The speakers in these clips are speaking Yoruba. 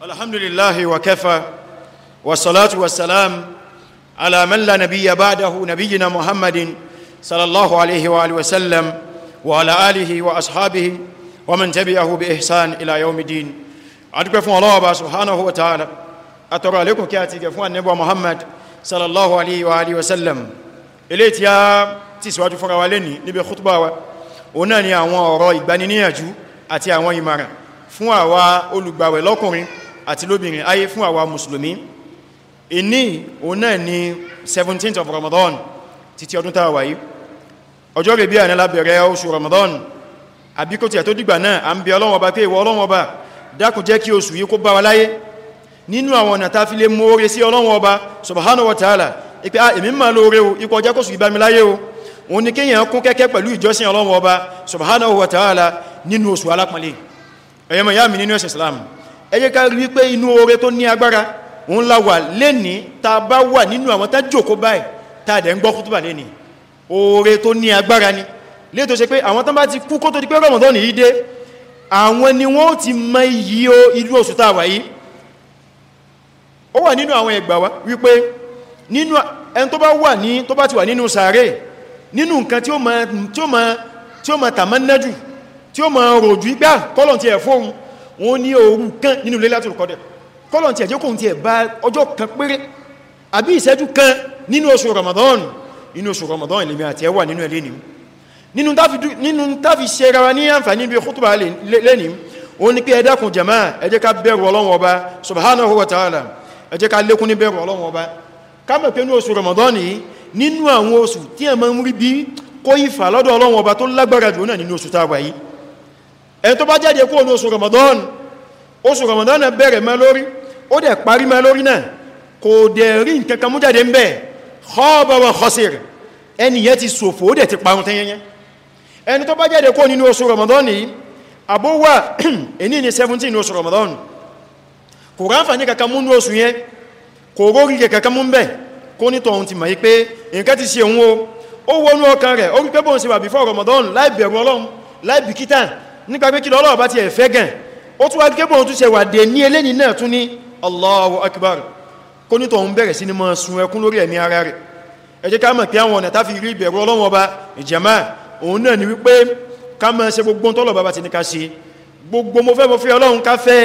alhamdulillahi wa kafa wa salatu wa salam ala man la nabiyya ba'dahu nabiyyina muhammadin sallallahu alaihi wa alihi wa sallam wa ala alihi wa ashabihi wa man tabi'ahu bi ihsan ila yawmiddin adúpẹ́ fún Ọlọ́run ba subhanahu wa ta'ala atoro alekun kí àti ge fún annabi muhammad sallallahu alaihi wa alihi wa sallam ile tí a ti síwájú fún rawa leni níbi khutba wa ọ̀nà ni àwọn ọ̀rọ̀ ìgbaniníyànjú àti àwọn ìmọ̀ràn fún àwa olùgbàwẹ̀ àti lóbìnrin ayé fún àwa mùsùlùmí ìní òun náà ni 17th of Ramadan títí ọdún tàwà yìí ọjọ́ rẹ̀ bí àní lábẹ̀rẹ̀ oṣù Ramadan àbíkò tí a tó dìgbà náà a ń bí Ọlọ́run Ọba pé ìwọ Ọlọ́run Ọba dákun jẹ́ kí oṣù yìí kó bá wa láyé nínú àwọn ọ̀nà tá lè mú oore sí Ọlọ́run Ọba subhanahu wa ta'ala ipe a èmi máa lóore o ipò o òun ni kíyàn kún kẹ́kẹ́ pẹ̀lú ìjọsìn Ọlọ́run subhanahu wa ta'ala nínú oṣù alápọ̀lẹ̀ ẹ̀yọ́mọ̀ yá mi nínú ẹ jẹ́ ká rí pé inú oore tó ní agbára òun la wà lénìí ta bá wà nínú àwọn tá báyìí ta dẹ̀ ń gbọ́ kútùbà lénìí oore tó ní agbára ni lé tó ṣe pé àwọn tán bá ti kú kó tó di pé Ramadan yìí dé àwọn ni wọ́n ti mọ iyì o ìlú oṣù tá a wà yìí ó wà nínú àwọn ẹgbà wá wípé nínú ẹni tó bá wà ní tó bá ti wà nínú sàárè nínú nǹkan tí ó mọ tí tí ó mọ tàmánnájù tí ó ah, kọ́lọ̀ ti ẹ̀ fóun wọ́n ní òru kan nínú Laylatul Qadr kọ́lọ̀n tí ẹjọ́ kò tí ẹ̀ bá ọjọ́ kan péré àbí ìṣẹ́jú kan nínú oṣù Ramadan nínú oṣù Ramadan ilẹ̀ mi àti ẹwà nínú ẹlẹ́ nìí nínú tàfi ṣe rawa ní àǹfàní bí kútùbà lẹ́nìí o ní pé ẹ dákun jama'a ẹ jẹ́ ká bẹ̀rù Ọlọ́run Ọba subhanahu wa ta'ala ẹ jẹ́ ká Ramadan yìí nínú àwọn oṣù tí ẹ máa ń rí bí kó ìfà lọ́dọ̀ Ọlọ́run Ọba tó ẹni tó bá jáde kó ní Ramadan oṣù Ramadan náà bẹ̀rẹ̀ mẹ́ lórí ó dẹ̀ parí mẹ́ lórí náà kò dẹ̀ rí nkankan mú jáde ń bẹ̀ khaba wa khasir ẹni yẹn ti ṣòfò ó dẹ̀ ti parun tẹ́yẹnyẹ ẹni tó Ramadan yìí àbówà èní ní 17 ní oṣù Ramadan kò ráǹfà ní kankan mú ní oṣù yẹn kò rórí kankan mú ń bẹ̀ kó ní tọ̀hún ti o ó wọnú ọkàn rẹ̀ ó rí pé wà bí fọ́ Ramadan láì bẹ̀rù Ọlọ́run láì nípa pé kí lọ́lọ́ bá ti ẹ̀fẹ́ gẹn ó tún wá gẹ́bọ̀n tún ṣe wà dé ní eléni náà tún ní Allahu Akbar kó ní tọ̀hún bẹ̀rẹ̀ sí ni mọ́ sun ẹkún lórí ẹ̀mí ara rẹ̀ ẹ jẹ́ ká mọ̀ pé àwọn ọ̀nà táfi rí ìbẹ̀rù Ọlọ́run Ọba ìjẹ̀má ni wípé ká mọ́ ṣe gbogbo tọ́lọ̀ bàbá ti ní ká ṣe gbogbo mo fẹ́ mo fẹ́ Ọlọ́run ká fẹ́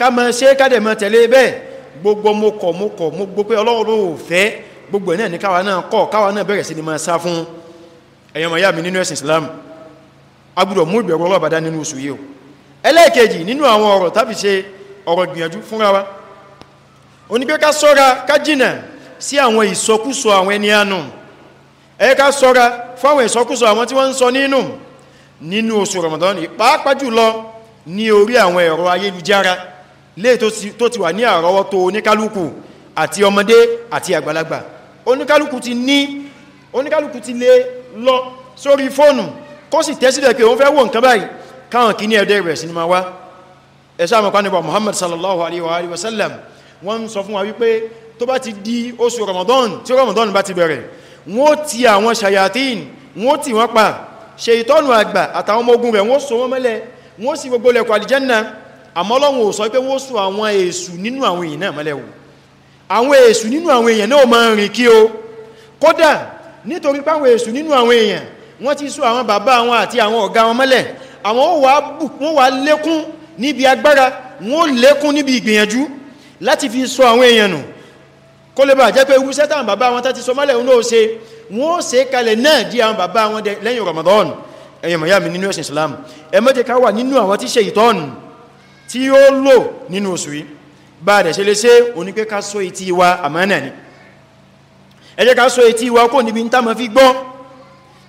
ká mọ́ ṣe ká dẹ̀ mọ́ tẹ̀lé bẹ́ẹ̀ gbogbo Islam agbúdọ̀ mú ìbẹ̀rù ọlọ́run bá dá nínú oṣù yìí o ẹlẹ́ẹ̀kejì nínú àwọn ọ̀rọ̀ tàbí ṣe ọ̀rọ̀ gbìyànjú fúnra wa ó ní pé ká ṣọ́ra ká jìnà sí àwọn ìsọkúsọ àwọn ẹni àánú ẹ ká ṣọ́ra fáwọn ìsọkúsọ àwọn tí wọ́n ń sọ nínú nínú oṣù Ramadan pàápàá jùlọ ní orí àwọn ẹ̀rọ ayélujára lè tó ti wà ní àrọ́wọ́tó oníkálukú àti ọmọdé àti àgbàlagbà oníkálukú ti ní oníkálukú ti sórí fóònù kó sì tẹ́sílẹ̀ pé òun fẹ́ wọ nǹkan báyìí káwọn kí ní ẹ̀dẹ́ rẹ̀ sí ni ma wá ẹ̀sá àmọ̀pá nípa Muhammad sallallahu alaihi wasallam wọ́n sọ fún wa wípé tó bá ti di oṣù Ramadan tí Ramadan bá ti bẹ̀rẹ̀ wọ́n ti àwọn shayatin wọ́n ti wọ́n pa ṣe ìtọ́nù àgbà àtàwọn ọmọ ogun rẹ̀ wọ́n so wọ́n mẹ́lẹ̀ wọ́n sì gbogbo lẹ̀kọ̀ alìjẹ́nà àmọ́ Ọlọ́run ò sọ pé wọ́n so àwọn èṣù nínú àwọn èèyàn náà mẹ́lẹ̀ wò àwọn èṣù nínú àwọn èèyàn nítorí pé àwọn nínú àwọn èèyàn wọ́n ti sọ àwọn bàbá wọn àti àwọn ọ̀gá wọn mọ́lẹ̀ àwọn wọ́n wà lékún níbi agbára wọ́n lékún níbi ìgbìyànjú láti fi sọ àwọn èèyàn nù kó lè bà jẹ́ pé ewu sẹ́tàn bàbá wọn tàti sọ mọ́lẹ̀ òun ó ṣe wọ́n ṣe kalẹ̀ náà di àwọn bàbá wọn lẹ́yìn Ramadan ẹ̀yàn mọ̀yá mi nínú ẹ̀sìn Islam ẹ má jẹ́ ká wà nínú àwọn tí ṣe ìtọ́nù tí ó lò nínú oṣù yìí bá dẹ̀ ṣe lè ṣe oní ká sọ etí wa àmánà ni ẹ jẹ́ ká sọ etí wa kò níbi ń tá ma fi gbọ́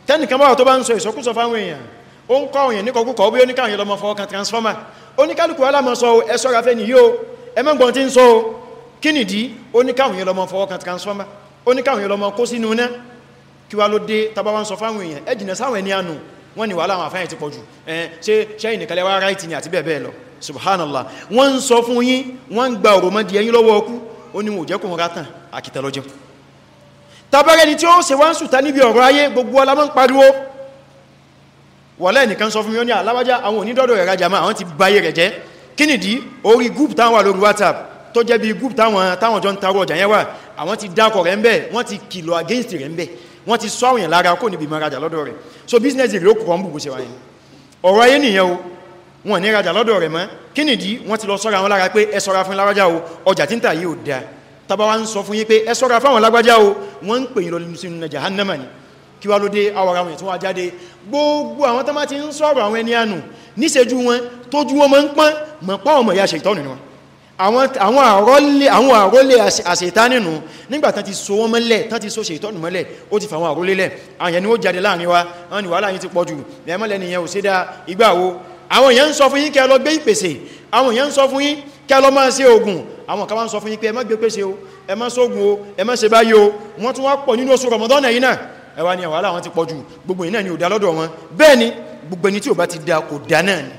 tẹ́nìkan báwà tó bá ń sọ ìsọkúsọ fáwọn èèyàn ó ń kọ́ òyìn níkọkúkọ bí oníkàwọn yẹlọmọ fọ́ọ̀kan transformer fọ́ọ̀kan transformer oníkàwọn yẹlọmọ kó sínú ná ni wàhálà àwọn àfáyàn ti pọ̀jù ṣe ṣẹ́yìn nìkalẹ̀ wá ráìtì ni àti bẹ́ẹ̀ bẹ́ẹ̀ lọ subhanallah wọ́n ń sọ fún yín wọ́n ń gba òròmọdìyẹ yín lọ́wọ́ ọkú ó ní wọn ò jẹ́kùn rátàn àkìtẹ́lọ́jẹ́kùn tabẹ́rẹ́ ni tí ó ṣe wọ́n sùta níbi ọ̀rọ̀ ayé gbogbo alamọ́ ń pariwo wọ̀lẹ́ nìkan sọ fún mi ó ní alábájá àwọn onídọ́dọ̀ rẹ̀ rajà àwọn ti báyé rẹ̀ jẹ́ kí nìdí orí group táwọn wà lórí whatsapp tó jẹ́ bí group táwọn jọ ń tarọ ọjà yẹn wà àwọn ti dákọ̀ rẹ̀ ń bẹ̀ wọ́n ti kìlọ̀ against rẹ̀ ń bẹ̀ wọ́n ti sọ àwọn lára kò níbi máa lọ́dọ̀ rẹ̀ so business rẹ̀ ó kọ̀ ń bùkù sí wáyé ọ̀rọ̀ ayé nìyẹn o wọ́n ní rajà lọ́dọ̀ rẹ̀ mọ́ kí nìdí wọ́n ti lọ sọ́ra wọn lára pé ẹ sọ́ra fún lárájá o ọjà tí ń tà yìí ò dáa tàbá wá ń sọ fún yín pé ẹ ṣọ́ra fáwọn lágbájá o wọ́n ń pè yín lọ sínú na jahannama ni kí wá ló dé awara wọn ìtún wá jáde gbogbo àwọn tó má ti ń sọ̀rọ̀ àwọn ẹni ànù níṣẹ́jú wọn tójú wọn máa ń pọ́n mọ̀ pa ọmọ ìyá ṣètọ́nù ni wọn àwọn àrólé àṣetánínú nígbà tán ti so wọn mọ́lẹ̀ tán ti so ni ó jáde láàrin wa wọn ni wàhálà yìí ti pọ̀ jù mẹ́mọ́lẹ̀ nìyẹn ò sí dá ìgbà wo ń sọ fún yín kẹ́ lọ gbé ìpèsè àwọn èèyàn ń sọ fún yín kẹ́ lọ máa ṣe oògùn àwọn kan wá ń sọ fún yín pé ẹ má gbé pèsè o ẹ má sógun o ẹ má ṣe báyìí o wọ́n tún wá pọ̀ nínú oṣù Ramadan yìí náà ẹ wá àwàlá wọn ti pọ̀ jù gbogbo yìí ni ò dá lọ́dọ̀ wọn bẹ́ẹ̀ ni gbogbo ẹni tí ò bá ti da kò dá náà ni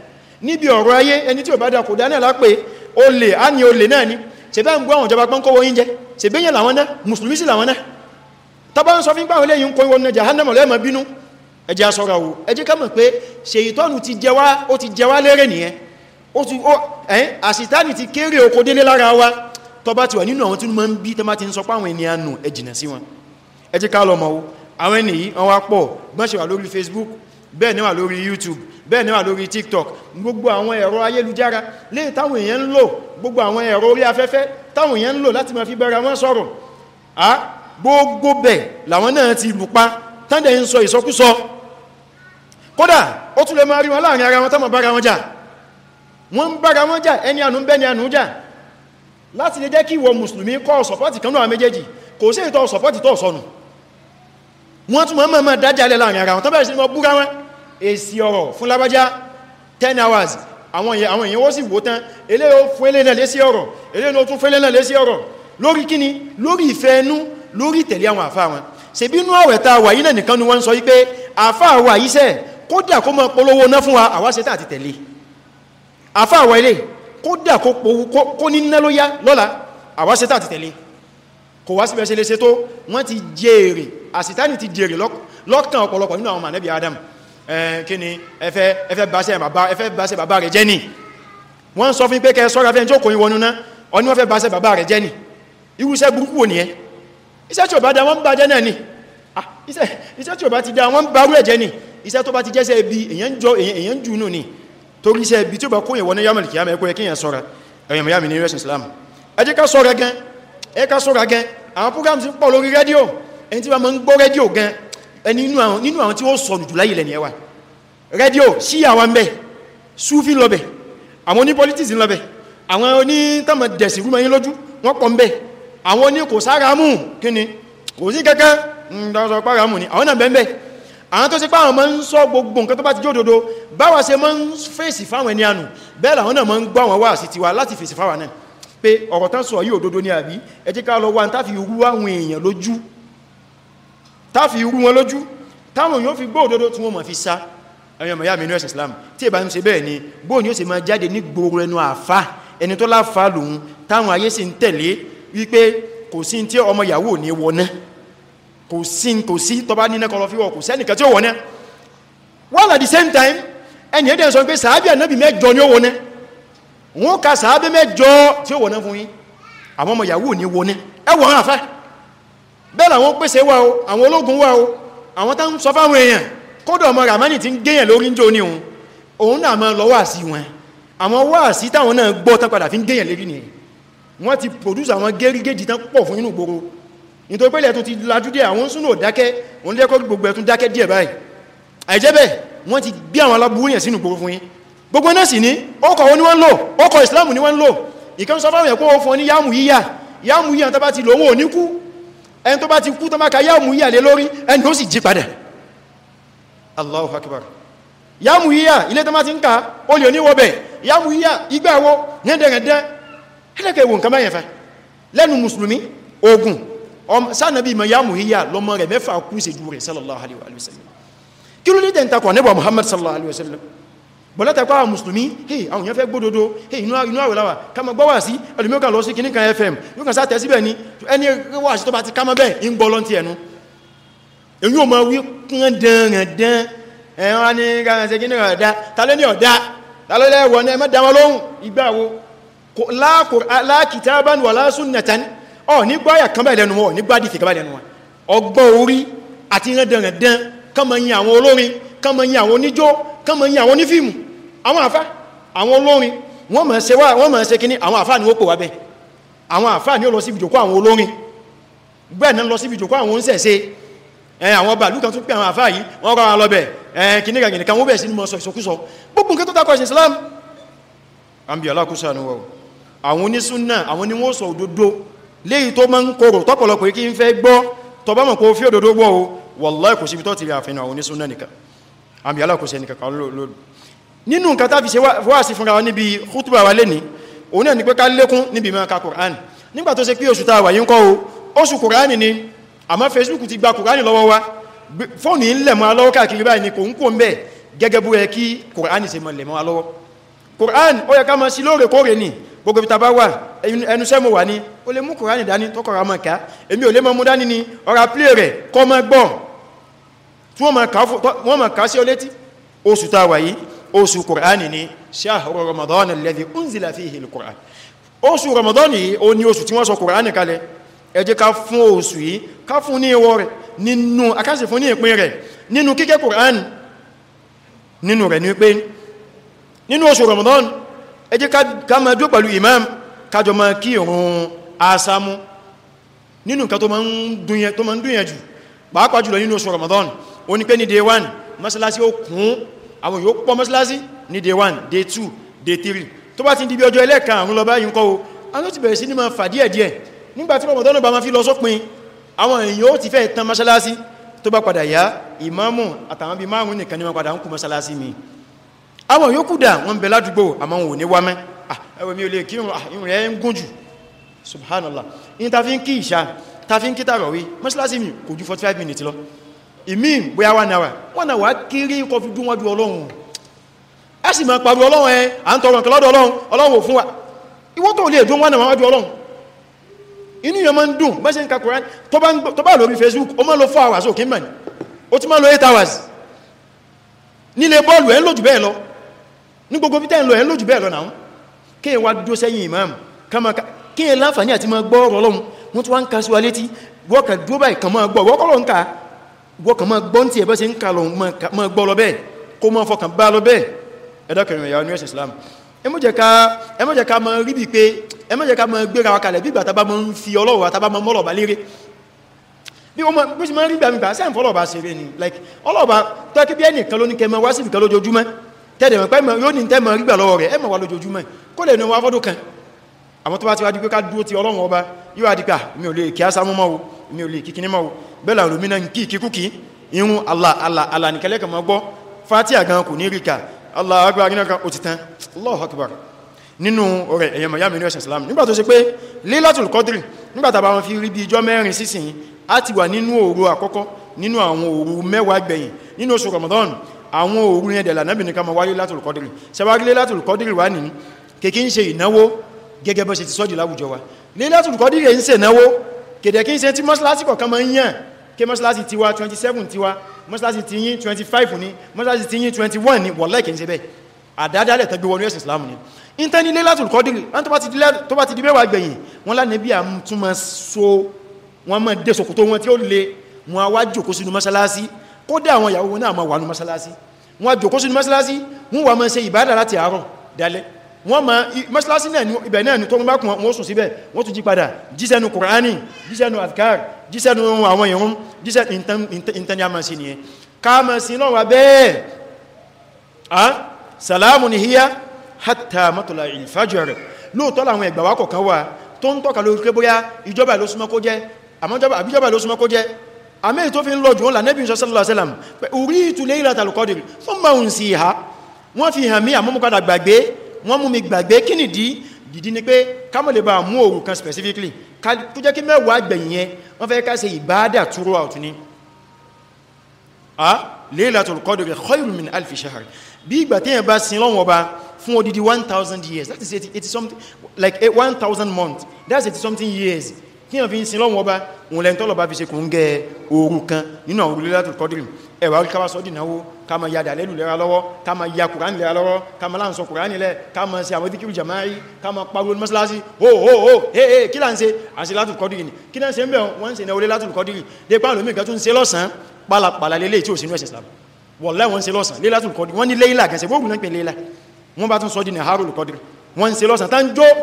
níbi ọ̀rọ̀ ayé ẹni tí ò bá da kò dá náà lápè olè á ní olè náà ni ṣèbẹ́ ń gbọ́ àwọn ìjọba pọ́n kówó oúnjẹ ṣèbẹ́ yẹn làwọn náà mùsùlùmí sì làwọn náà tọ́bá ń sọ fún pàwọn lẹ́yìn kó ìwọ̀n jahannama lẹ́mọ̀ bínú ẹjẹ́ asọ́ra wo ẹjẹ́ ká mọ̀ pé ṣèyítọ́nù ti jẹ wá ó ti jẹ wá lérè nìyẹn ó ti ó ẹ̀yìn àṣìtáni ti kéré oko délé lára wa tó bá ti wà nínú àwọn tí wọ́n ń bí tó bá ti ń sọ páwọn ẹni ànù ẹ sí wọn ẹ ká lọ mọ̀ àwọn ẹni wá pọ̀ bọ́n wà lórí Facebook bẹ́ẹ̀ ni wà lórí YouTube bẹ́ẹ̀ ni wà lórí TikTok gbogbo àwọn ẹ̀rọ ayélujára lè táwọn èèyàn ń lò gbogbo àwọn ẹ̀rọ orí afẹ́fẹ́ táwọn èèyàn ń lò láti máa fi bára wọn sọ̀rọ̀ à gbogbo bẹ̀ làwọn náà ti lùpa tán dẹ̀ ń sọ ìsọkúsọ wọ́n ń bára wọn jà ẹni ànú bẹ́ni ànú jà láti lè jẹ́ kí ìwọ mùsùlùmí kọ́ sọ̀pọ̀tì kan náà méjèèjì kò sí ìtọ́ sọ̀pọ̀tì tọ́ sọnù wọ́n tún mọ́ mọ́ dájálẹ̀ láàrin ara wọn tó bẹ̀rẹ̀ sí mọ́ búra wọn èsì ọ̀rọ̀ fún lábájá 10 hours àwọn èèyàn ó sì wó tán elé ó fún elé náà lé sí ọ̀rọ̀ elé ó tún fẹ́lé náà lé sí ọ̀rọ̀ lórí kíni ni wọ́n ń sọ wípé àfá wà yí sẹ́ kódà kó mọ́ polówó ná Afa àwọn ilé kó dà kó ní ná ló yá lọ́la àwáṣẹ́tà ti tẹ̀lé kò wá síbẹ̀ sílé tó wọ́n ti jèrè àsìtáni ti jèrè lọ́kàn ọ̀pọ̀lọpọ̀ nínú àwọn mànẹ́bí Adam kí ni ẹfẹ́ báṣẹ́ bàbá rẹ̀ jẹ́ ni wọ́n sọ fún pé kẹ sọ́ra fẹ́ jókòó ìwọ̀nú náà ọni wọ́n fẹ́ báṣẹ́ bàbá rẹ̀ jẹ́ ni irúṣẹ́ burúkú wò nìyẹn iṣẹ́ tí ò bá da wọ́n bá jẹ́ ah, ti da wọ́n bá rú ẹ̀jẹ́ ni iṣẹ́ tó bá ti jẹ́ṣẹ́ ibi èyàn jù nù ni torí iṣẹ́ ibi tí ó bá kó ìwọ̀n ní yamal kìí àmà ẹkùn ẹkìyàn sọ́ra ẹ̀yàn miami ní us islam ẹ jẹ́ ká sọ́ra gan ẹ ká sọ́ra gan àwọn programs ń pọ̀ lórí rédíò ẹni tí wọ́n máa ń gbọ́ rédíò gan ẹni nínú àwọn tí ó sọnù jù láyé lẹ́ni ẹwà rédíò sí àwọn ń bẹ sufi lọ bẹ àwọn oní politics ni àwọn náà àwọn tó ṣe pé àwọn máa ń sọ gbogbo nǹkan tó bá ti jódodo báwa ṣe máa ń fèsì fáwọn ẹni ànù bẹ́ẹ̀ làwọn náà máa ń gbọ́ àwọn wà sí tiwa láti fèsì fáwọn náà pé ọ̀rọ̀ tán sọ yìí òdodo ní àbí ẹ jẹ́ ká lọ wá táfi irú àwọn èèyàn lójú táfi irú wọn lójú táwọn èèyàn fi gbọ́ Islam tí ìbá ń ṣe bẹ́ẹ̀ ni ni ó sì máa jáde ní gbogbo ẹnu àfá ẹni tó láfà lòun táwọn ayé sì kò sí kò sí tọba níná kọlọfíwọ̀ kò sẹ́nìkan tí ó wọ́n náà while at the same time ẹni ẹ̀dẹ̀ sọ pé sàábì ànábì mẹ́jọ ni ó wọ́n náà wọ́n ka sàábì mẹ́jọ tí ó wọ́n fún yín àwọn ọmọ yahoo ni wọ́n náà ẹwọ̀n àfá bẹ́ẹ̀ làwọn pèsè wà o àwọn ológun wà o àwọn tá ń sọ fáwọn èèyàn kódà ọmọ ramani ti ń géyàn lórí ń jó ní òun òun náà máa lọ wáàsí wọn àwọn wáàsí táwọn náà gbọ́ tán padà fi ń géyàn lérí nìyẹn wọ́n ti produce àwọn gẹ́rígéjì tán pọ̀ fún inú gbogbo nítorí pẹ́lẹ̀ tó ti lajú díẹ̀ àwọn súnà dákẹ́ wọ́n lẹ́kọ́ gbogbo ẹ̀tún dákẹ́ díẹ̀ báyìí àìjẹ́bẹ̀ wọ́n ti gbé àwọn aláburú yẹn sínú gbogbo fún yín gbogbo náà sì ní ọkọ̀ wọn ni wọ́n lò ọkọ̀ Islam ni wọ́n lò ìkan sọ fáwọn ẹ̀kọ́ fún ní yáàmù yíyà yáàmù yíyà tó bá ti lówó ní kú ẹni tó Allahu Akbar yáàmù yíyà ilé tó má ti ń ka ó lè oníwọ̀bẹ̀ yáàmù yíyà igbáwó ní ẹ̀dẹ̀rẹ̀dẹ́ ẹlẹ́kẹ̀ẹ́wò nǹkan báyẹn fa lẹ́nu mùsùlùmí ogun sánàbí Maryamu híyà lọmọ rẹ̀ mẹ́fà kú sí ju rẹ̀ sallallahu alaihi wa sallam kí ló ní tẹ̀ ń takọ̀ nígbà Muhammad sallallahu alaihi wa sallam bọ̀látàkọ́ àwọn mùsùlùmí hey àwọn èèyàn fẹ́ gbódodo hey inú àwẹ̀ láwà kama gbọ́wà sí ẹlùmíọ́kà lọ sí kìníkan fm yóò kàn sáà síbẹ̀ ni ẹni wà sí tó bá ti kama bẹ́ẹ̀ ń gbọ́ lọ́ntí ẹnu èyí o ma wí kún dẹ̀rẹ̀dẹ̀n ẹ̀wọ́n ni kàrẹ̀sẹ̀ kìníkan ọ̀dá talẹ́ ní ọ nígbà àyà kan báyìí lẹ́nu wọn nígbà àdìsí kan báyìí lẹ́nu wọn ọgbọ́n orí àti rẹ̀dẹ̀rẹ̀dẹ̀n kán mọ yin àwọn olórin kán mọ yin àwọn oníjó kán mọ yin àwọn onífíìmù àwọn àfa àwọn olórin wọ́n mọ̀ ṣe wá wọ́n mọ̀ ṣe kíní àwọn àfa ni ó pè wá bẹ́ẹ̀ àwọn àfa ni ó lọ sí ibùjókòó àwọn olórin bẹ́ẹ̀ náà lọ sí ibùjókòó àwọn oníṣẹ̀ṣe àwọn ọba àlúkan tún pé àwọn àfáà yìí wọ́n rọra lọ́bẹ̀ kìníkà kìníkà wọ́n bẹ̀ sí mọ́ ìsọkúsọ gbogbo nǹkan tó takọ̀ ṣe Islam àbí alákúsà àwọn onísúnnà àwọn ni wọ́n sọ òdodo léyìí tó máa ń kòrò tọ́pọ̀lọpọ̀ kí ń fẹ́ gbọ́ tó bá mọ̀ kó fí òdòdó gbọ́ o wallahi kò síbi tó ti rí àfihàn àwọn onísúnnà nìkan àmì alákòsí ẹnìkan kan lóòlù nínú nǹkan tàbí ṣe wá sí fúnra wọn ni pé ká lékún níbi máa ka Kùránì nígbà tó ni àmọ́ Facebook ti gba Kùránì lọ́wọ́ wa fóònù ń lẹ̀mọ́ alọ́wọ́ ni kò ń kó ń bẹ̀ gẹ́gẹ́ bó yẹ kí Kùránì ṣe mọ̀ gbogbo ìta bá wà ẹnuṣẹ́ mo wà ní o lè mú kòránì dání tó mọ̀ ká èmi ò lè mọ́ mú dání ni ọ̀rà plé rẹ̀ kọ́ mọ́ gbọ́n tí wọ́n mọ̀ ká sí ọ létí oṣù ta wà yìí oṣù kòránì ni shahru ramadan alladhi unzila fihi quran oṣù ramadan yìí ó ní oṣù tí wọ́n sọ kòránì kalẹ̀ ẹ jẹ́ ká fún oṣù yìí ká fún ní ìwọ rẹ̀ nínú akáṣì ramadan ẹ jẹ́ ká máa dúró pẹ̀lú imam kájọ máa kí ìrun asámú nínú nǹkan tó máa ń dúnyẹ jù pàápàá jùlọ nínú oṣù Ramadan ó ní pé ní day 1 mọ́sálásí ó kún àwọn yóò pọ̀ mọ́sálásí ní day 1 day 2 day 3 tó bá ti di bí ọjọ́ ẹlẹ́ẹ̀kan àrùn lọ báyìí kọ́ o a ló ti bẹ̀rẹ̀ sí ní máa fà díẹ̀ díẹ̀ nígbàtí Ramadan ba máa fi lọ sópin àwọn èèyàn ó ti fẹ́ tán mọ́sálásí tó bá padà yá ìmáàmù àtàwọn bí márùn-ún nìkan ni wọ́n padà ń kú mọ́sálásí mi àwọn yòókù dà wọ́n bẹ ládùúgbò àmọ́ wọn ò ní wá ẹwẹ̀ mi ò lè kí irun rẹ̀ gùn jù subhanallah in ta fi ń kí ìṣá ta fi ń kí tààrọ̀ wí mọ́sílásí mi kò ju 45 minutes lọ ìmí bóyá wà náà wọ́n náà wà kéré kọ fi dún wájú ọlọ́run ẹ sì máa pàrọ̀ ọlọ́run ẹ à ń tọrọ nǹkan lọ́dọ̀ ọlọ́run ọlọ́run ò fún wa ìwọ́n tó lè dún wọ́n Facebook ó máa lọ 4 hours ó kí hours nílé bọ́ọ̀lù ẹ̀ ń lòjù bẹ́ẹ̀ lọ ní gbogbo bí tẹ́ ń lọ ẹ̀ lójú bẹ́ẹ̀ lọ náà kí wá dúró sẹ́yìn imam kí ẹ láǹfààní àti máa gbọ́ ọ̀rọ̀ Ọlọ́run wọ́n tún wá ń ka sí wa létí wọ́kà dúró báyìí kan máa gbọ́ wọ́kọ́ lọ ń ka wọ́kà máa gbọ́ tí ẹ̀bẹ́ sí ń ka lọ máa gbọ́ lọ bẹ́ẹ̀ kó máa fọkàn bá lọ bẹ́ẹ̀ ẹ̀dọ́kẹ̀rin ìyá ní ẹ̀sìn Islam ẹ má jẹ́ ká máa rí bí pé ẹ má jẹ́ ká máa gbéra wa kalẹ̀ bí ìgbà tábá máa ń fi Ọlọ́run àtàbá máa mọ́lọ̀ bá léré bí wọ́n bí ó sì máa ń rí bí àmì gbà sáà ń fọ́lọ̀ bá ṣeré ni like ọlọ́ọ̀bá tọ́kí bí ẹnìkan ló ní kẹ máa wá sí ìkan lójoojúmọ́ tẹ́dẹ̀mọ̀ pẹ́ mọ̀ yóò ní tẹ́mọ̀ rí gbà lọ́wọ́ rẹ̀ ẹmọ̀ wà lójoojúmọ́ kó lè ní wọ́n fọ́dún kan àwọn tó bá ti wá di pé ká dúró ti ọlọ́run ọba yóò wá di pé mi ò lè kí ásámú mọ́ Allah Allah Allah nìkẹ́lẹ́ kan mọ́ gbọ́ Fatiha gan kò ní rí ka Allah akbar nínú kan ó ti tán Allahu akbar nínú ọ̀rẹ́ ẹ̀yẹmọ̀ yá mi ní ẹ̀sẹ̀ Islam nígbà tó ṣe pé Lailatul Qadr nígbà tàbá wọn fi rí bí ijọ́ mẹ́rin sísìn Ramadan àwọn òru yẹn dẹ̀là náà bìnrin kama wáyé látòlù kọ́dìrì sẹwárílé látòlù kọ́dìrì wà nìní kèkí ń ṣe ìnáwó gẹ́gẹ́ bọ́ ṣe ti sọ́dì láwùjọ wa lé látòlù kọ́dìrì ń ṣe náwó kèdèkí ń ṣe tí mọ́sálásí kọ̀ọ̀kan máa ń yàn kí mọ́sálásí tiwa 27 tiwa ni mọ́sálásí ti yín 21 ni wọ̀lẹ́ kìí ṣe bẹ́ẹ̀ àdádálẹ̀ tẹ́gbé wọnú ẹ̀sìn Islam ni intanet Laylatul Qadr wọ́n tó bá ti di mẹ́wàá gbẹ̀yìn wọ́n kódà àwọn ìyàwó náà ma wà ní masalasi wọ́n jòkó sínú masalasi wọ́n wà ma ṣe ìbádà láti àárọ̀ dalẹ́ wọ́n ma masalasi náà ní ibẹ̀ náà ní tó ń bá kún wọ́n sùn síbẹ̀ wọ́n tún jí padà jíṣẹ́nu kùránì jíṣẹ́nu adkar jíṣẹ́nu àwọn ìrún jíṣẹ́nu ìntẹni àmà sí nìyẹn ká ma sí náà wà bẹ́ẹ̀ a salamu ni hiya hatta matula ilfajr lóòtọ́ làwọn ẹgbàwákọ̀ kan wà tó ń àmọ́jọba àbíjọba ló súnmọ́ kó jẹ́ àmì tó fi ń lọ jùun lànẹ́bí sallallahu alaihi wasallam pé uritu laylatul qadr thumma unsiha wọ́n fi hàn mí àmúmúkadà gbàgbé wọ́n mú mi gbàgbé kí nìdí dìdí ni pé kámọ̀lẹ̀ bá mú òru kan specifically tó jẹ́ kí mẹ́wàá gbẹ̀yìn yẹn wọ́n fẹ́ ká ṣe ìbádà throughout ni laylatul qadr khayrun min alfi shahr bí ìgbà tí yẹn bá sin lọ́wọ́ ọba fún odidi 1000 years that is something like 1000 eh, months that's 80 something years tí wọ́n fi ń sin lọ́wọ́ ọba òun lẹ́ntọ́ lọ́ba fi ṣe kò ń gẹ òru kan nínú àwọn olùlẹ́lá tó kọ́dìrì ẹ̀wà káwà sọ́dì náwó ká ma yàdà lẹ́lù lẹ́ra lọ́wọ́ ká ma ya kùránì lẹ́ra lọ́wọ́ ká ma láǹsọ kùránì lẹ́ ká ma àwọn díkìrì jamaí ká ma pariwo he he kí là ń ṣe àṣì látù kọ́dìrì ni kí náà ṣe ń bẹ̀ wọ́n ń ṣe náwó látù kọ́dìrì dé pa lómi nǹkan tó ń ṣe lọ́sàn pálapàla lélẹ̀ tí ò sínú ẹ̀sìn Islam wọ̀lẹ́ wọ́n ń ṣe lọ́sàn lélátù kọ́dìrì wọ́n ní léyìnlá kẹsẹ̀ wọ́n gùn náà pè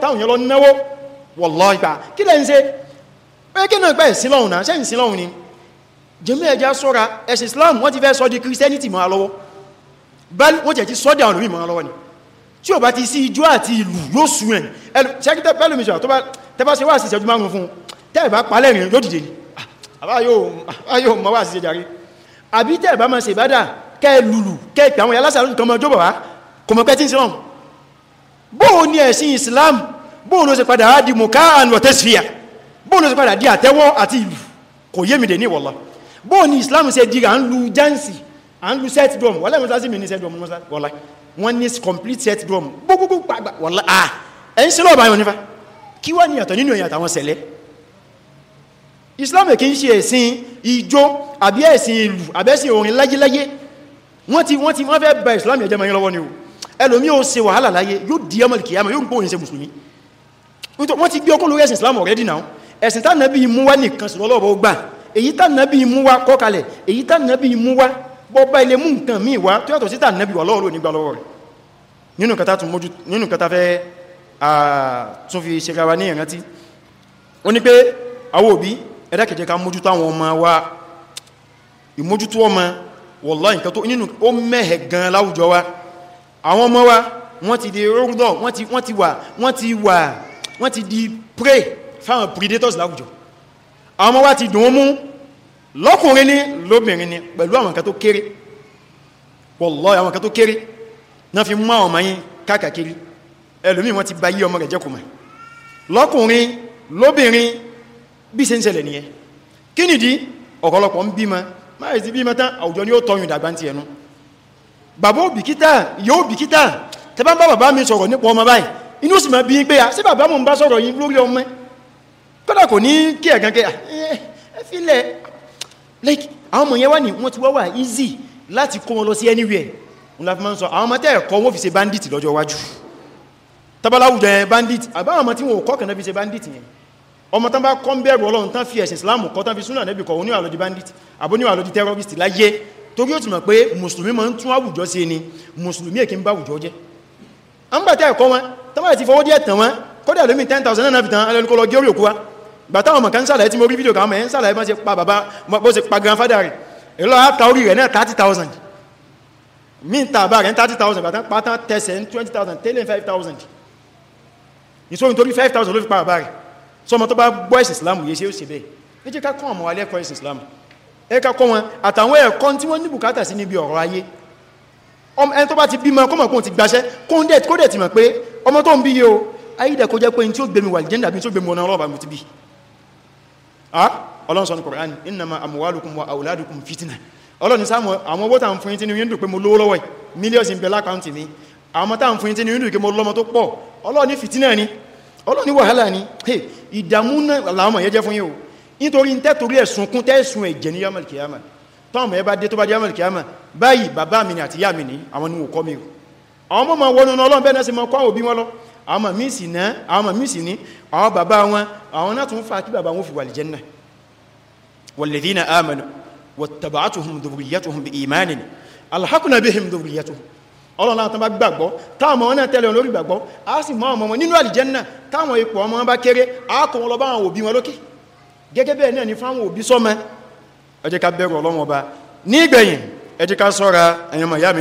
táwọn yẹn lọ náwó wọ̀lọ́ ìgbà kí lẹ́ ń ṣe pẹ́kẹ́ náà gbáyẹ̀ sí lọ́hùn náà ṣẹ́yìn sí lọ́hùn ni jẹ́mẹ́ ẹja sọ́ra ẹ̀sì Islam wọ́n ti fẹ́ sọ di Christianity mọ́ alọ́wọ́ wọ́n jẹ́ ti sọ́dẹ̀ àwọn olùmí mọ́ alọ́wọ́ ni tí ó bá ti sí ijó àti ìlú yóò sú ẹ̀ ṣẹ́kítẹ́ pẹ́lú mi sọ́ra tẹ́ bá ṣe wá sí ìṣẹ́jú márùn fún tẹ́ bá palẹ̀ rìn yóò dìde ah, àbáyò mọ́ wá sí ìjàrí àbí tẹ́ bá mọ́ sí ìbádà kẹ́ lùlù kẹ́ pẹ̀ àwọn yálásà lónìí tọmọ ọjọ́ bọ̀ wá kò mọ̀ pẹ́ tí ń sọ́run bóò ni ẹ̀sìn Islam bóò ló ṣe padà á di mùkáà and wọ́tẹ́sífíà bóòlù sí padà di àtẹ́wọ́ àti ìlú kò yé mi dè ní wọ́lá bóò ni Islam ṣe di à ń lu jẹ́ǹsì à ń lu set drum wọ́lá ìmọ̀sá sí mi ní set drum wọ́lá wọ́n ní complete set drum gbogbogbò pàgbà wọ́lá à ẹ̀yìn sí lọ́ọ̀bá yọ nífà kí wá ní àtọ̀ nínú èyàn àtàwọn sẹ̀lẹ̀ Islam kì í ṣe ẹ̀sìn ijó àbí ẹ̀sìn ìlú àbí ẹ̀sìn orin láyéláyé wọ́n ti wọ́n ti wọ́n fẹ́ bẹ Islam ẹ̀jẹ̀ mọ́ lọ́wọ́ ni o ẹlòmí ó ṣe wàhálà láyé yóò di ọmọ ìkìyàmọ̀ yóò ń pòyìn ṣe mùsùlùmí wọ́n ti gbé ọkùnrin lórí ẹ̀sìn Islam already now ẹ̀sìn tá nàbí mú wá nìkan sọ̀rọ̀ lọ́wọ́ gbà èyí tá nàbí mú wá kọ́kalẹ̀ èyí tá nàbí mú wá bọ́bá ilé mú nǹkan míì wá tó yàtọ̀ sí tá nàbí wà lọ́wọ́ nígbà lọ́wọ́ rẹ̀ nínú kata tún mójú nínú kata fẹ́ tún fi ṣe rawa ní ìrántí ó ní pé àwọn òbí ẹ̀dá kẹ̀jẹ́ ká mójú táwọn ọmọ wa ìmójútó ọmọ wọ̀lá nǹkan tó nínú ó mẹ́hẹ̀ gan láwùjọ wa àwọn ọmọ wa wọ́n ti di rúgbọ́ wọ́n ti wà wọ́n ti wà wọ́n ti di pray fáwọn predators láwùjọ àwọn ọmọ wa ti dùn mú lọ́kùnrin ní lóbìnrin ní pẹ̀lú àwọn nǹkan tó kéré wallahi àwọn nǹkan tó kéré náà fi mú àwọn ọmọ yín káàkiri ẹlòmí wọn ti ba yí ọmọ rẹ̀ jẹ́ lọ́kùnrin lóbìnrin bí ṣe ń ṣẹlẹ̀ nìyẹn kí nìdí ọ̀pọ̀lọpọ̀ ń bímọ máa èsì bímọ tán àwùjọ ni ó tọyùn dàgbà ti ẹnu bàbá òbìkítà yóò bìkítà tẹ́bá bá bàbá mi sọ̀rọ̀ nípa ọmọ báyìí inú sì máa bí pé a sí bàbá mò ń bá sọ̀rọ̀ yìí lórí ọmọ kọ́dà kò ní kí ẹ̀gán kẹ́ eh, ẹ̀fílẹ̀ like àwọn ọmọ yẹn wà ní wọ́n ti wá wà easy láti kó wọn lọ sí anywhere wọ́n la fi máa ń sọ àwọn ọmọ tẹ́ ẹ̀kọ́ wọ́n fi ṣe bandit lọ́jọ́ iwájú tabaláwùjọ yẹn bandit àbáwọn ọmọ tí wọn kọ́ kẹ́nà fi ṣe bandit yẹn ọmọ tán bá kọ́ ń bẹ̀rù ọlọ́run tán fi ẹ̀sìn islam kọ́ tán fi súnà nẹ́bì kọ́ oníwà lọ́dí bandit àbóníwà lọ́dí terrorist láyé torí ó ti mọ̀ pé mùsùlùmí máa ń tún àwùjọ ṣe ni mùsùlùmí èkí ń bá àwùjọ jẹ́ a ń bàtẹ́ ẹ̀kọ́ wọn tán bá ti fọwọ́ díẹ̀ tàn wọn kọ́dà lómi 10,000 náà fi tán alẹ́lúkọ́ lọ gẹ́rì òkú wa bàtà ọmọ kan sàlàyé tí mo rí fídíò kan mẹ́rin sàlàyé bá ṣe pa bàbá bó ṣe pa grandfather rẹ̀ èlò àtà orí rẹ̀ náà 30,000 mí ta bá rẹ̀ 30,000 bàtà pátá tẹsẹ̀ 20,000 tẹ́lẹ̀ 5,000 ìṣòro nítorí 5,000 ló fi pa bàbá rẹ̀ sọmọ tó bá gbọ́ ẹ̀sìn Islam yìí ṣe ó ṣe bẹ́ẹ̀ ẹ jẹ́ ká kọ́ ọmọ alẹ́ ẹ̀kọ́ Islam ẹ ká kọ́ wọn àtàwọn ẹ̀kọ́ tí wọ́n ní bùkátà sí níbi ọ̀rọ̀ ayé ọmọ ẹni tó bá ti bímọ kọ́mọ̀ kóhun ti gbaṣẹ́ kóhun dẹ̀ ti mọ̀ pé ọmọ tó ń bí yìí o ayídẹ̀ kó jẹ́ pé ní tí ó gbẹ̀mí wà jẹ́ndàbí tó gbẹ̀mí ọ̀nà ọlọ́ọ̀bà mo ti bí Ah, ọlọ́run sọ́nà Qur'an innama amwalukum wa auladukum fitna ọlọ́run sáàmù àwọn owó tàn fún ìtínú yíndù pé mo lówó lọ́wọ́ millions in bela county mi àwọn tàn fún ìtínú yíndù pé mo lọ́mọ tó pọ̀ ọlọ́run ní ni ọlọ́run ní wàhálà ni ìdàmú làwọn yẹ jẹ́ fún yíò nítorí tẹ́torí ẹ̀sùnkún tẹ́sùn ẹ̀jẹ̀ ní yamal kiyama tọ́mù ẹ bá dé tó bá yamal kiyama báyìí bàbá mi ni àti yá mi ma wọnú ọlọ́run bẹ́ẹ̀ náà sì mọ́ kọ́ àwọn míì sì ná àwọn míì sì ní àwọn bàbá wọn àwọn náà tún fà kí bàbá wọn fi wà lìjẹ́nà walladhina amanu wattaba'atuhum dhurriyyatuhum bi imanin alhaqna bihim dhurriyyatuhum ọlọ́run láwọn tán bá gbàgbọ́ táwọn ọmọ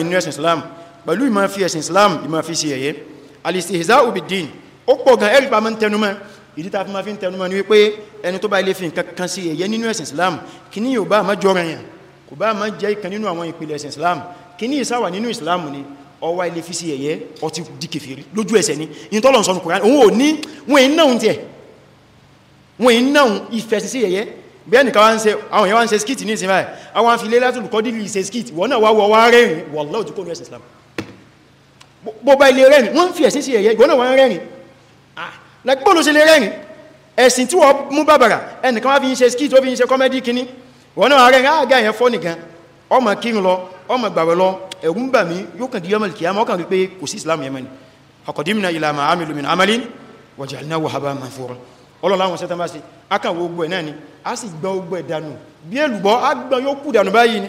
ní ẹ̀sìn Islam pẹ̀lú ìmọ̀ fi ẹ̀sìn Islam ìmọ̀ fi sí ẹ̀yẹ́ alistihza'u biddin ó pọ̀ gan ẹ̀rì pa mọ́ tẹnumọ́ ìdí ta fi ma fi ń tẹnumọ́ ní wípé ẹni tó bá ilé fi nǹkan kan sí ẹ̀yẹ nínú ẹ̀sìn Islam kí ní yóò bá má jọ rẹ̀yàn kò bá má jẹ́ ìkan nínú àwọn ìpìlẹ̀ ẹ̀sìn Islam kí ní ìsáwà nínú Islam ni ọwá ilé fi sí ẹ̀yẹ ó ti di kèfèrí lójú ẹsẹ̀ ni in tọ́lọ̀ sọ́nù Kùránì òun ò ní wọ́n iná òun tiẹ̀ wọ́n iná òun ìfẹ̀sì sí ẹ̀yẹ bí ẹnìkan wá ń ṣe àwọn èèyàn wá ń ṣe skit ní ìsinmi àwọn afiléláàtùlùkọ́dìlì ṣe skit wọ́n náà wá wọ́ wá rẹ̀rìn wọ́lá òjúkọ́ ní ẹ̀sìn Islam bó bá ilé rẹ́rìn wọ́n ń fi ẹ̀sìn sí ẹ̀yẹ ìgbónà wọ́n rẹ́rìn lẹ́gbọ́n ló se lè rẹ́rìn ẹ̀sìn tí wọ́n mú bàbàrà ẹnìkan wá fi ń ṣe skit ó fi ń ṣe kọ́mẹ́dì kíní wọ́n náà rẹ́rìn àgá ah, yẹn fọ́ nìkan ọmọ kírun lọ ọmọ gbàwẹ̀ lọ ẹ̀rù ń bà mí yóò kàn di yọmọ kìí àmọ́ kàn rí pé kò sí islam yẹmẹ́ni ọkọ̀dímìnà ìlàmà amìlùmìnà amalin wọ̀jà náà wà bá máa fọ́rọ̀ ọlọ́láwọn sẹ́tàn ni a sì gbọ́ gbọ́ ẹ̀ dànù bí èlùbọ́ á gbọ́ ni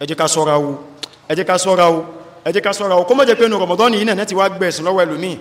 ẹ jẹ́ ká ṣọ́ra o ẹ ẹ jẹ́ ká ṣọ́ra o kó má jẹ́ pé ní Ramadan yìí náà ti wá gbẹ̀sùn lọ́wọ́ ẹlòmíì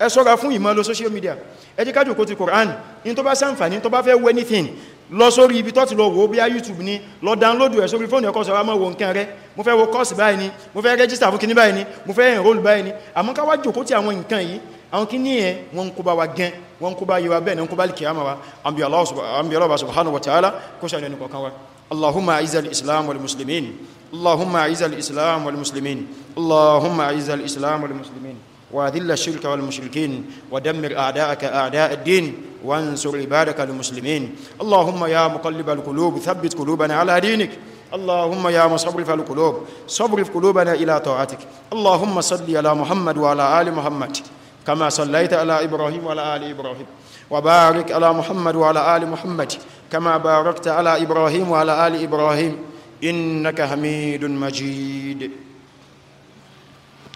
ẹ ṣọ́ra fún ìmọ̀lò social media ẹ jẹ́ ká jókòó ti Qur'an in tó bá sàǹfàní tó bá fẹ́ wo anything lọ sórí ibi tó ti lọ wo bíá YouTube ni lọ download ẹ̀ sórí fóònù ẹ̀kọ́ sọ́ra mọ́ wo nǹkan rẹ mo fẹ́ wo course báyìí mo fẹ́ register fún kíní báyìí ni mo fẹ́ enroll báyìí ni àmọ́ ká wá jókòó ti àwọn nǹkan yìí àwọn kíní ẹ̀ wọ́n ń kó bá wa gan wọ́n ń kó bá yíwa bẹ́ẹ̀ ni wọ́n kó bá kìyàmà wa àbí Allah subhanahu wa ta'ala kó ṣàlẹ̀ nìkọ̀ọ̀kan wa Allahumma aizal islam wal muslimin اللهم أعز الإسلام والمسلمين اللهم أعز الإسلام والمسلمين وأذل الشرك والمشركين ودمر أعداءك أعداء الدين وانصر عبادك المسلمين اللهم يا مقلب القلوب ثبت قلوبنا على دينك اللهم يا مصرف القلوب صرف قلوبنا إلى طاعتك اللهم صل على محمد وعلى آل محمد كما صليت على إبراهيم وعلى آل إبراهيم وبارك على محمد وعلى آل محمد كما باركت على إبراهيم وعلى آل إبراهيم إنك حميد مجيد